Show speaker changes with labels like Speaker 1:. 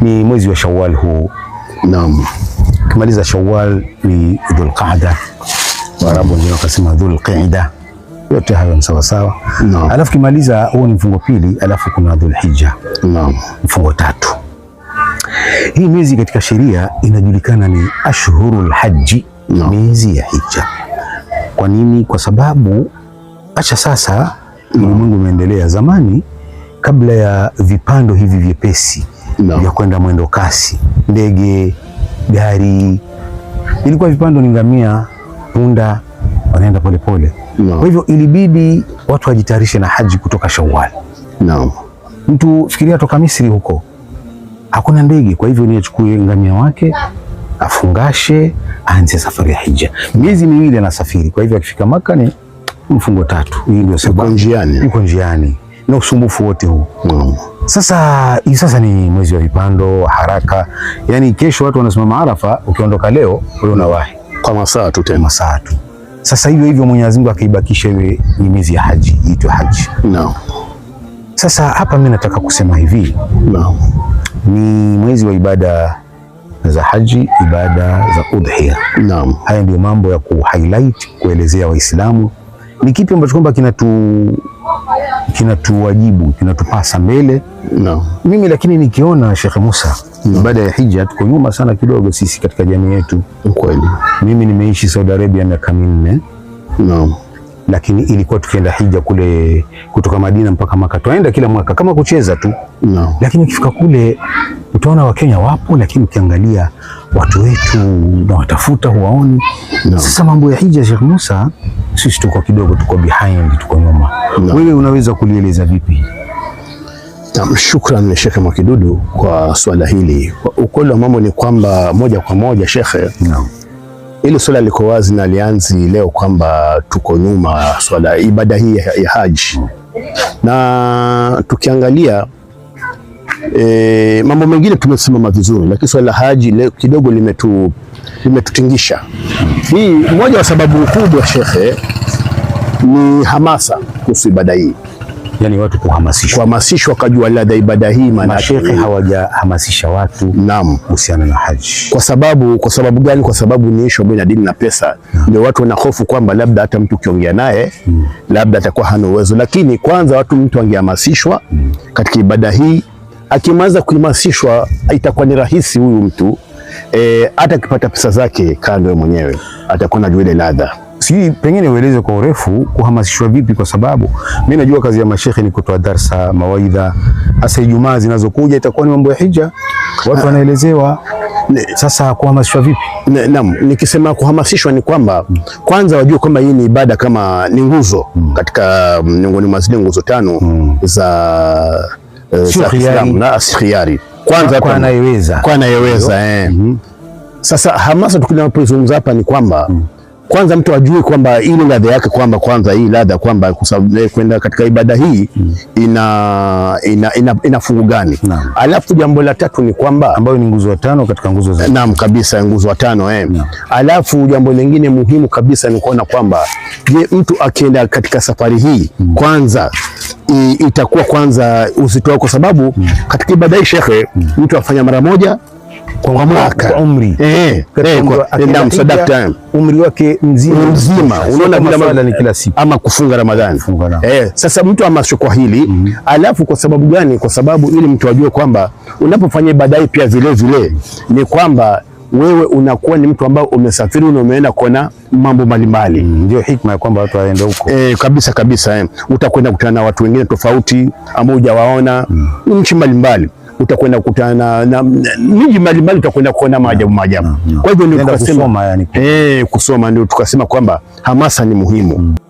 Speaker 1: ni mwezi wa Shawwal huu. Naam, kimaliza Shawwal ni Dhulqaada, Waarabu wengine wakasema Dhulqaida, yote hayo ni sawa sawa. Naam. Alafu kimaliza huo ni mfungo pili, alafu kuna Dhulhijja. Naam, mfungo tatu. Hii miezi katika sheria inajulikana ni ashhurul haji, miezi ya hija. Kwa nini? Kwa sababu acha sasa ulimwengu umeendelea. Zamani kabla ya vipando hivi vyepesi no. vya kwenda mwendo kasi, ndege, gari, ilikuwa vipando ni ngamia, punda wanaenda polepole no. Kwa hivyo ilibidi watu wajitayarishe na haji kutoka Shawwal no. Mtu fikiria toka Misri huko hakuna ndege, kwa hivyo ni achukue ngamia wake afungashe aanze safari ya hija. Miezi miwili anasafiri, kwa hivyo akifika Maka ni mfungo tatu. Hii ndio sababu yuko njiani na usumbufu wote huu no. Sasa hii sasa ni mwezi wa vipando haraka, yaani kesho watu wanasimama Arafa, ukiondoka leo wewe unawahi kwa masaa tu, tena masaa tu. Sasa hivyo hivyo Mwenyezi Mungu akaibakisha iwe ni miezi ya haji iitwe haji no. Sasa hapa mimi nataka kusema hivi no. Ni mwezi wa ibada za haji, ibada za udhiya naam. Haya ndio mambo ya ku highlight kuelezea Waislamu ni kipi ambacho kwamba kinatu kinatuwajibu kinatupasa mbele no. Mimi lakini nikiona shekhe Musa no. Baada ya hija tuko nyuma sana kidogo sisi katika jamii yetu kweli. Mimi nimeishi Saudi Arabia miaka minne no. Lakini ilikuwa tukienda hija kule kutoka Madina mpaka Maka, tunaenda kila mwaka kama kucheza tu no. Lakini ukifika kule utaona Wakenya wapo, lakini ukiangalia watu wetu na watafuta huwaoni no. Sasa mambo ya hija shekh Musa sisi tuko kidogo, tuko behind, tuko nyuma. Wewe unaweza kulieleza vipi?
Speaker 2: Shukran Shekhe Mwakidudu kwa swala hili. Ukweli wa mambo ni kwamba moja kwa moja shekhe, no. Hili swala liko wazi na lianzi leo kwamba tuko nyuma swala ibada hii ya haji, na tukiangalia e, mambo mengine tumesimama vizuri, lakini swala la haji leo kidogo limetu, limetutingisha hii moja wa sababu kubwa shekhe ni hamasa kuhusu ibada hii,
Speaker 1: yani watu kuhamasishwa,
Speaker 2: kuhamasishwa kujua ladha ibada hii. Maana
Speaker 1: shekhe hawajahamasisha watu naam, kuhusiana na haji.
Speaker 2: Kwa sababu kwa sababu gani? Kwa sababu ni ishu baina dini na pesa, ndio watu wana hofu kwamba labda hata mtu ukiongea naye hmm, labda atakuwa hana uwezo. Lakini kwanza watu mtu angehamasishwa hmm, katika ibada hii, akimaliza kuhamasishwa itakuwa ni rahisi huyu mtu Eh, hata e, akipata pesa zake kando mwenyewe atakuwa na ile ladha.
Speaker 1: Si pengine ueleze kwa urefu kuhamasishwa vipi? Kwa sababu mimi najua kazi ya mashehe ni kutoa darsa, mawaidha, hasa Ijumaa zinazokuja itakuwa ni mambo ya hija, watu ah. wanaelezewa. Sasa kuhamasishwa vipi?
Speaker 2: Naam, nikisema kuhamasishwa ni kwamba kwanza wajue kwamba hii ni ibada kama ni nguzo hmm. mm. katika miongoni mwa zile nguzo tano mm. za eh, Islamu na si kwanza kwa anayeweza, kwa anayeweza eh. mm -hmm. Sasa hamasa tukinapozungumza hapa ni kwamba mm -hmm. kwanza mtu ajue kwamba ile ladha yake, kwamba kwanza hii ladha kwamba kwenda katika ibada hii mm ina, ina, ina, ina fungu gani? Alafu jambo la tatu ni kwamba
Speaker 1: ambayo ni nguzo tano katika nguzo
Speaker 2: za naam kabisa nguzo tano eh. Naam. Alafu jambo lingine muhimu kabisa ni kuona kwamba je, mtu akienda katika safari hii mm -hmm. kwanza itakuwa kwanza uzito wako, kwa sababu mm. katika ibada hii shekhe mm. mtu afanya mara moja
Speaker 1: kwa mwaka
Speaker 2: umri eh, eh
Speaker 1: umri wake mzima mzima, unaona
Speaker 2: bila ni kila siku,
Speaker 1: ama kufunga Ramadhani eh.
Speaker 2: Sasa mtu amashwe kwa hili mm. alafu kwa sababu gani? Kwa sababu ili mtu ajue kwamba unapofanya ibada hii pia vile vile ni kwamba wewe unakuwa ni mtu ambaye umesafiri na umeenda kuona mambo mbalimbali. Mm,
Speaker 1: ndio hikma ya kwamba watu waende huko
Speaker 2: eh, kabisa kabisa eh. Utakwenda kukutana na watu wengine tofauti ambao hujawaona mm. nchi mbalimbali utakwenda kukutana na miji mbalimbali, utakwenda kuona maajabu mm, maajabu. Mm, Kwa hivyo ndio tukasema kusoma, yani. Eh, kusoma ndio tukasema kwamba hamasa ni muhimu mm.